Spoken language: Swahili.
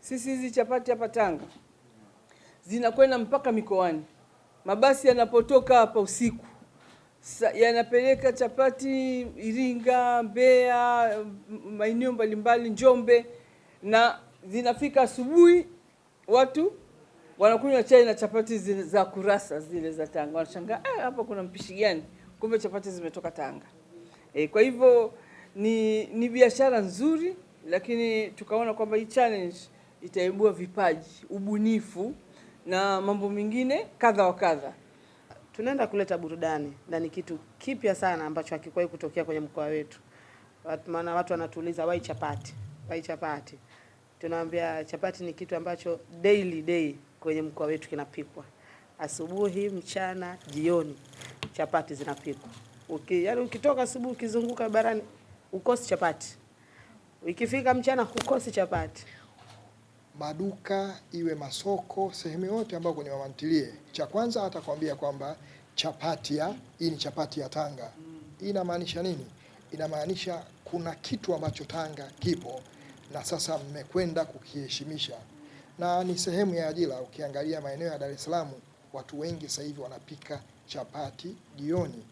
Sisi hizi chapati hapa Tanga zinakwenda mpaka mikoani. Mabasi yanapotoka hapa usiku yanapeleka chapati Iringa, Mbeya, maeneo mbalimbali, Njombe, na zinafika asubuhi, watu wanakunywa chai na chapati zile za kurasa zile za Tanga, wanashangaa eh, hapa kuna mpishi gani? Kumbe chapati zimetoka Tanga. E, kwa hivyo ni, ni biashara nzuri, lakini tukaona kwamba hii challenge itaibua vipaji, ubunifu na mambo mengine kadha wa kadha. Tunaenda kuleta burudani na ni kitu kipya sana ambacho hakikwahi kutokea kwenye mkoa wetu. Maana watu wanatuuliza wai chapati, wai chapati. Tunawaambia chapati ni kitu ambacho daily day kwenye mkoa wetu kinapikwa, asubuhi, mchana, jioni, chapati zinapikwa. Uki, yani ukitoka asubuhi ukizunguka barani ukosi chapati, ikifika mchana ukosi chapati maduka, iwe masoko, sehemu yote ambayo kwenye mama ntilie, cha kwanza atakwambia kwamba chapati ya hii ni chapati ya Tanga. Hii inamaanisha nini? Inamaanisha kuna kitu ambacho Tanga kipo na sasa mmekwenda kukiheshimisha, na ni sehemu ya ajira. Ukiangalia maeneo ya Dar es Salaam, watu wengi sasa hivi wanapika chapati jioni.